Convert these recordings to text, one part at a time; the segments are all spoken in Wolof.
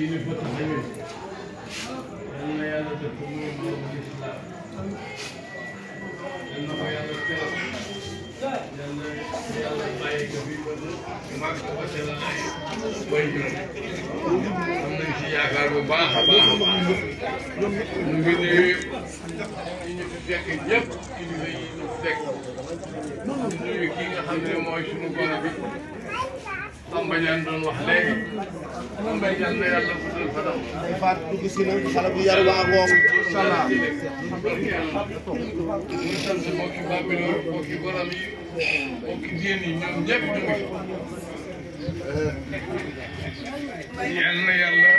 kii bët nañu yal na yàlla def ko muy mboolu lislaam yal na ko yàlla teral yal na yàlla bàyyi ko fi ba mag ko ca la ay way juróom am nañ ci yaakaar bu baax a baax a baax ñu ngi nuyu ñi ñu fi fekk ñëpp kilifa yi ñu fekk ñu nuyu kii nga xam ne mooy sunu gone bi Samba Ndiaye doon wax léegi Samba Ndiaye na yàlla guddal fa daw. day faat dugg si na xale bu yar waa ngoom. incha allah ñu sant mbokki Bambilor mbokki borom yi mbokki diine yi ñoom ñëpp ñu ngi fi. yal na yàlla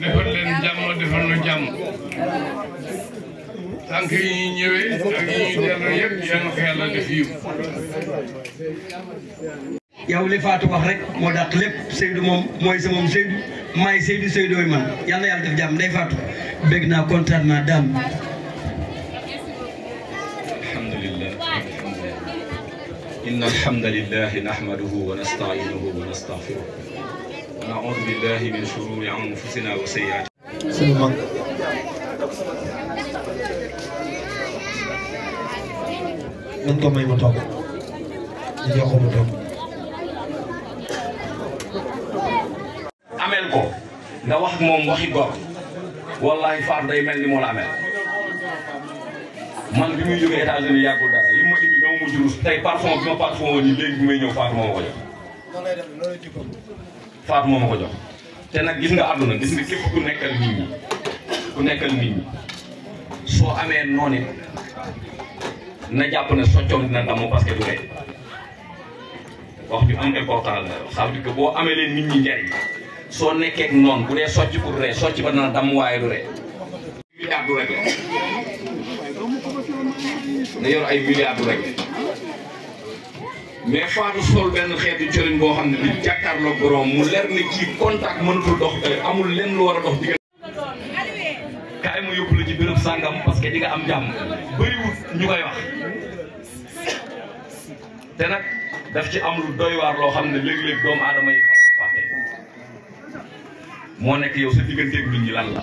defal leen jàmm defal nu jàmm. tànk yi ñuy ñëwee ak yi ñuy delloo yëpp yal na ko yàlla def yiw yow li Fatou moo rek moo dàq lépp Seydou moom mooy sa moom Seydou maay Seydou Seydou man yal na yàlla def jàmm day Fatou bég naa kontaan naa daam. إن الحمد لله نحمده ونستعينه ونستغفره ونعوذ بالله من شرور أنفسنا وسيئات nan ko may ma toog di jox ko mu toog nga wax ak moom waxi gor wallahi faar day mel ni moo la amee man bi muy jógee États-Unis yàggul dara li ma indi dama mujj ruus tey parfum bi ma parfum woon nii léegi bi may ñëw faar moo ma jox faar moo ma jox te nag gis nga àdduna gis nga képp ku nekkal nit ñi ku nekkal nit ñi soo amee noonu na jàpp ne soccoom dina damm parce que du rey wax ju am importance la ça veut boo amee leen nit ñi njariñ soo nekkee ak noonu bu dee socc pour ree socc ba dana damm waaye du rek la yor ay milliard du rek mais faatu sol benn xeetu cëriñ boo xam ne bi jàkkaarloog borom mu leer ne kii contact mënatul dox euh, amul lenn lu war a dox diggante kaay mu yóbbu la ci sàngam parce que di nga am jàmm bëriwut ñu koy wax te nag daf ci amul lu doy waar loo xam ne léeg-léeg doomu aadama yi moo nekk yow sa digganteeg nit lan la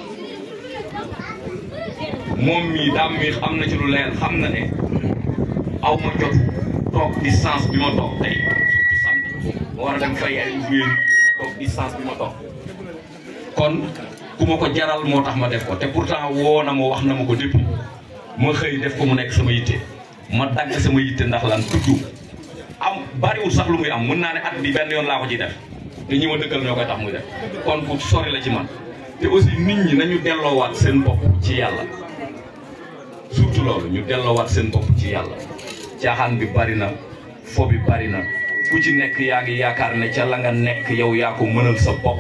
moom mii daam mi am na ci lu leen xam na ne aw ma jot toog distance bi ma toog tey surtout samedi ma war a dem fay ay wéen toog distance bi ma toog kon ku ma ko jaral moo tax ma def ko te pourtant woo na ma wax na ma ko depuis ma xëy def ko mu nekk sama yitte ma dagg sama yitte ndax lan tudd am bariwul sax lu muy am mën naa ne at bi benn yoon laa ko ci def te ñi ma dëkkal ñoo koy tax muy def kon ku sori la ci man te aussi nit ñi nañu delloowaat seen bopp ci yàlla surtout loolu ñu delloowaat seen bopp ci yàlla caaxaan bi bari na fo bi bari na ku ci nekk yaa ngi yaakaar ne ca la nga nekk yow yaa ko mënal sa bopp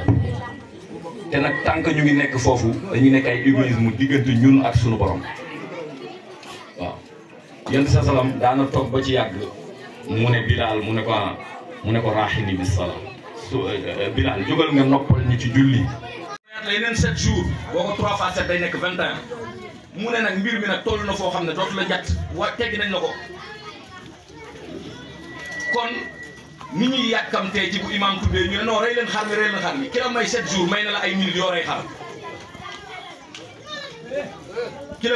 te nag tant que ñu ngi nekk foofu dañu nekk ay égoïsme diggante ñun ak suñu borom waaw yéen sa salaam daana toog ba ci yàgg mu ne bilaal mu ne ko ah, mu ne ko raaxini bi salaam Euh, euh, Bilal jógal nga noppal ñu ci julli. la yeneen sept jours boo ko trois nekk vingt un mu ne nag mbir mi nag na foo xam ne dootu la jàtt waa teggi nañ la ko kon ni ñuy yàkkamtee ci bu imaam tuddee ñu ne non rey leen xar mi rey leen mi ki may sept jours may na la ay minutes yoo rey xar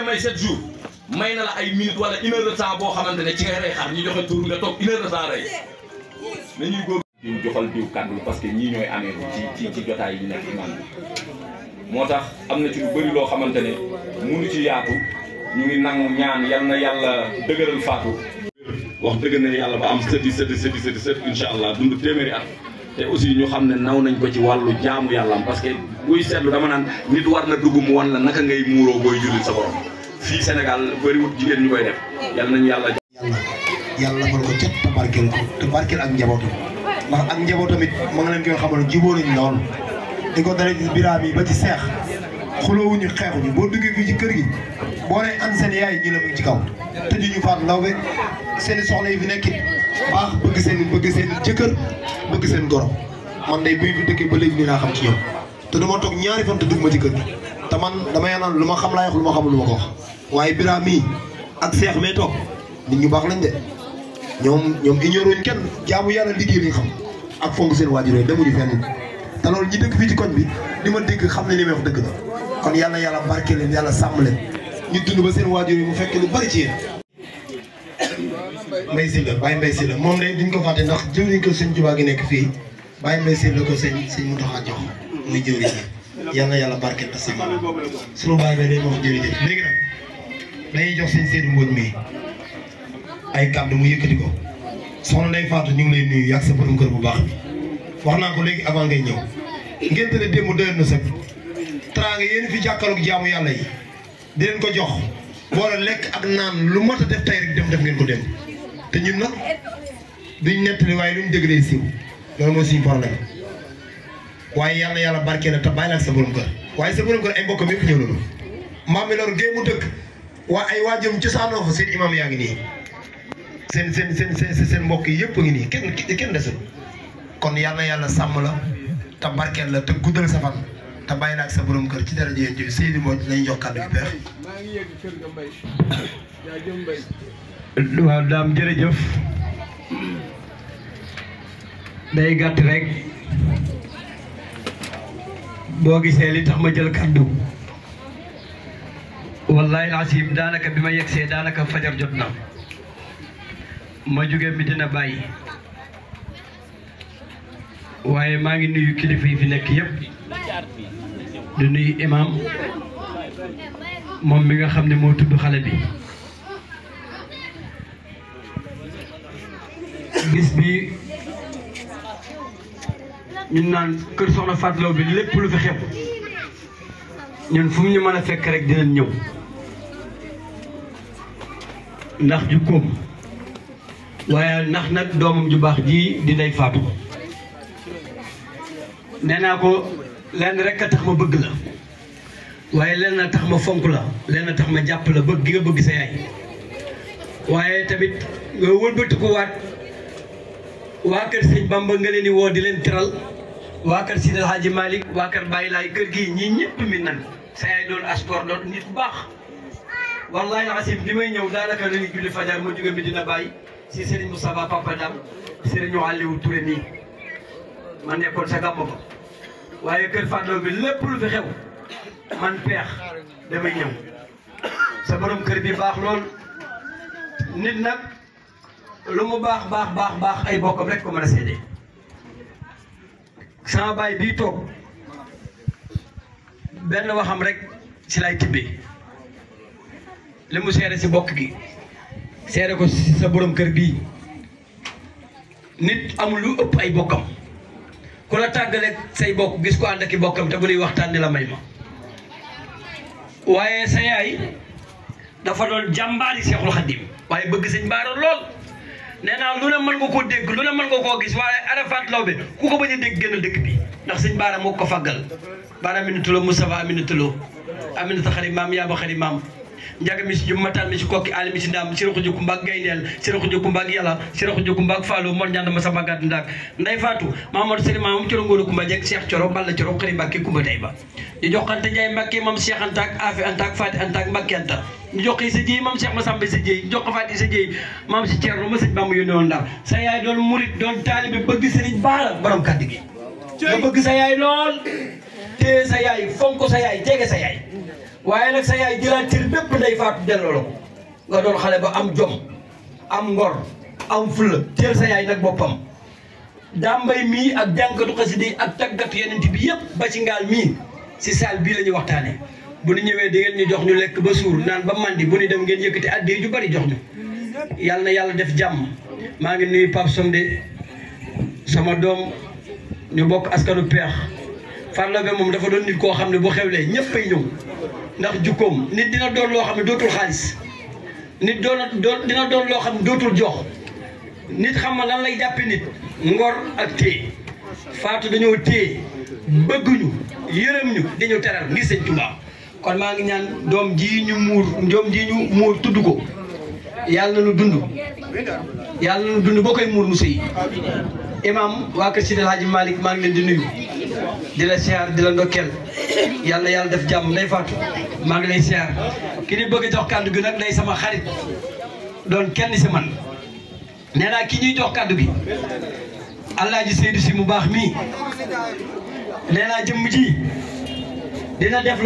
may sept jours may na la ay minutes wala une heure de temps boo xamante ne ci ngay rey xar ñu joxe tur nga toog une heure de temps rey duñ joxal diw kàddu parce que ñii ñooy amee ci ci ci jotaay yi nekk imaam bi moo tax am na ci lu bëri loo xamante ne mënu ci yaatu ñu ngi nangu ñaan yal na yàlla dëgëral faatu wax dëgg na yàlla ba am sëti sëti sëti sëti sët incha allah xam ne naw nañ ko ci wàllu jaamu yàlla parce que buy seetlu dama naan nit war na dugg mu wan la naka ngay muuroo booy jullit sa borom fii Sénégal bëriwut jigéen ñu koy def yal nañu yàlla. yàlla yàlla defal ko cet te barkeel ak njabootam. ndax ak njaboot tamit ma nga leen koy xamal jubóo nañ lool di ko dalee ci biraam yi ba ci seex xeexu xeexuñu boo duggee fii ci kër gi boo nee an seen yaay ñu ne mu ci kaw tëjuñu faat ndaw be seen i soxna yi fi nekk baax bëgg seen bëgg seen jëkkër bëgg seen goro man day buy fi dëkkee ba léegi nii naa xam ci ñoom te dama toog ñaari fan te dugg ma ci kër gi te man dama yanaan lu ma xam laay wax lu ma xamul lu ma ko waaye biraam yi ak seex mee toog ñu baax lañ de ñoom ñoom ignoruñ kenn jaamu yàlla liggéey li ñu xam ak fonk seen waajur yi demuñu fenn te lool ñi dëkk fii ci koñ bi di ma dégg xam ne li may wax dëgg kon yàlla yàlla barke leen yàlla sàmm leen ñu dund ba seen waajur yi mu fekk lu ci yéen. Mbaye Sylla Baye Mbaye Sylla moom de duñ ko fàtte ndax jëwriñ ko sëñ Tuubaa gi nekk fii Baye Mbaye Sylla ko sëñ sëñ mu taxaa jox muy jëwriñ bi yàlla yàlla barke te sàmm sunu Baye Mbaye day wax jëwriñ léegi nag dañuy jox sëñ Seydou ay kàddu mu yëkkati ko soxna Ndeye Fatou ñu ngi lay nuyu yàgg sa borom kër bu baax bi wax naa ko léegi avant ngay ñëw ngeen ne démb doyoon na sëkk teraanga yéen fi jàkkaarloog jaamu yàlla yi di leen ko jox boole lekk ak naan lu mot a def tey dem def ngeen ko dem te ñun nag duñ nettali waaye luñ dëgg lay siiw loolu mooy suñu problème waaye yàlla yàlla barkee na te bàyyi la ak sa borom kër waaye sa borom kër ay mbokkam yëpp ñëw na loolu maam mi loolu géej mu dëkk waa ay waajum cosaanoo fa seen imam yaa ngi nii seen seen seen seen seen mbokk yi yëpp ngi nii kenn kenn desul kon yàlla yàlla sàmm la te barkeel la te guddal sa fan te bàyyi la ak sa borom kër ci dara jëyeen ji Seydou Mbodj dinañ jox kàddu gi gisee li tax ma jël kàddu wallahi asim daanaka bi ma yegsee daanaka fajar jot na. ma jóge dina bàyyi waaye maa ngi nuyu kilifa yi fi nekk yépp di nuyu imam moom mi nga xam ne moo tudd xale bi bis bi ñun naan kër soxna Fatou bi lépp lu fi xew ñun fu mu ñu mën a fekk rek dinañ ñëw ndax ju waaye ndax nag doomam ju baax ji dinay day faatu nee naa ko lenn rek a tax ma bëgg la waaye lenn a tax ma fonk la lenn a tax ma jàpp la bëgg gi nga bëgg sa yaay waaye tamit nga wëlbati ko waat waa kër sëñ Bamba nga leen di woo di leen teral waa kër Sidi El Hadji Malick waa kër bàyyi Laay kër gi ñii ñëpp mi nan sa yaay doon asport doon nit bu baax wallahi asim bi may ñëw daanaka dañuy julli fajar ma jóge Medina Baye si Serigne Moustapha Papa Dam Serigne Aliou Touré nii ma nekkoon sa gàmm ba waaye kër Fadlo bi lépp lu fi xew man peex damay ñëw kër bi baax lool nit nag lu mu baax baax baax ay bokkam rek sama baay bii toog benn waxam rek si lay tibbee li mu seere si bokk gi seere ko si sa borom kër gi nit amul lu ëpp ay bokkam ku la tàggale say bokk gis ko ànd ak i bokkam te bu nuy waxtaan ni la may ma waaye sa yaay dafa doon jàmbaari Seexul Xadim waaye bëgg sëñ Baara lool nee naa lu ne mën nga koo dégg lu ne mën nga koo gis waaye Arafat Lawbe ku ko bañ a dégg génn dëkk bi ndax sëñ Baara moo ko faggal Baara Aminata Lo Moustapha Aminata Lo Aminata xarit maam yaaba xarit maam njaga mi si jum mataan mi si kokki aali mi si ndaam siraxu joku mbaag gayndeel siraxu joku mbaag yàlla siraxu joku mbaag fallo mor ñaan ma sama gàtt ndaak nday faatu mamadou sëri maam coro ngóoru kumba jeg cheikh coro balla coro xëri mbàkke kumba tay ba ñu joxante njaay mbàkke moom cheikh antaak afi antaak faati antaak mbàkke anta ñu jox sa jéy maam Cheikh Massamba sa jéy jox faati sa jéy maam si Thierno ma sëñ Bamba yónne woon ndax sa yaay doon murit doon taalibe bëgg sëriñ baala borom kàddu gi nga téye sa yaay fonk sa yaay jege sa yaay waaye nag sa yaay jëlaat cër bépp nday faatu delloo la ko nga doon xale ba am jom am ngor am fulla téel sa yaay nag boppam dambay mii ak jànkatu xasida yi ak tàggatu yenent bi yëpp ba ci ngaal mii si saal bii la ñuy waxtaanee bu ñu ñëwee di ngeen ñu jox ñu lekk ba suur naan ba mandi bu ñu dem ngeen yëkkati addi ju bari jox ñu yàlla yàlla def jàmm maa ngi nuyu Pape Somde sama doom ñu bokk askanu peex Farlobé moom dafa doon nit koo xam ne bu xewlee ñëpp ay ñëw ndax jukkoom nit dina doon loo xam ne dootul xaalis nit doon dina doon loo xam ne dootul jox nit xam nga lan lay jàppe nit ak téye faatu dañoo téye bëgguñu yërëm ñu dañu kon maa ngi ñaan doom ji ñu muur doom ji ñu muur tudd ko yàlla na ñu dund yàlla na ñu dund boo koy muur mu sëy imaam waa kër Sidi El Hadji Malick maa ngi leen di nuyu di la siyaar di la ndokkeel yàlla yàlla def jàmm nday faatu maa ngi lay siyaar ki ni bëgg a kàddu gi nag day sama xarit doon kenn si man nee naa ki ñuy jox kàddu gi Alaaji Seydou si mu baax mii nee naa jëmm ji dina def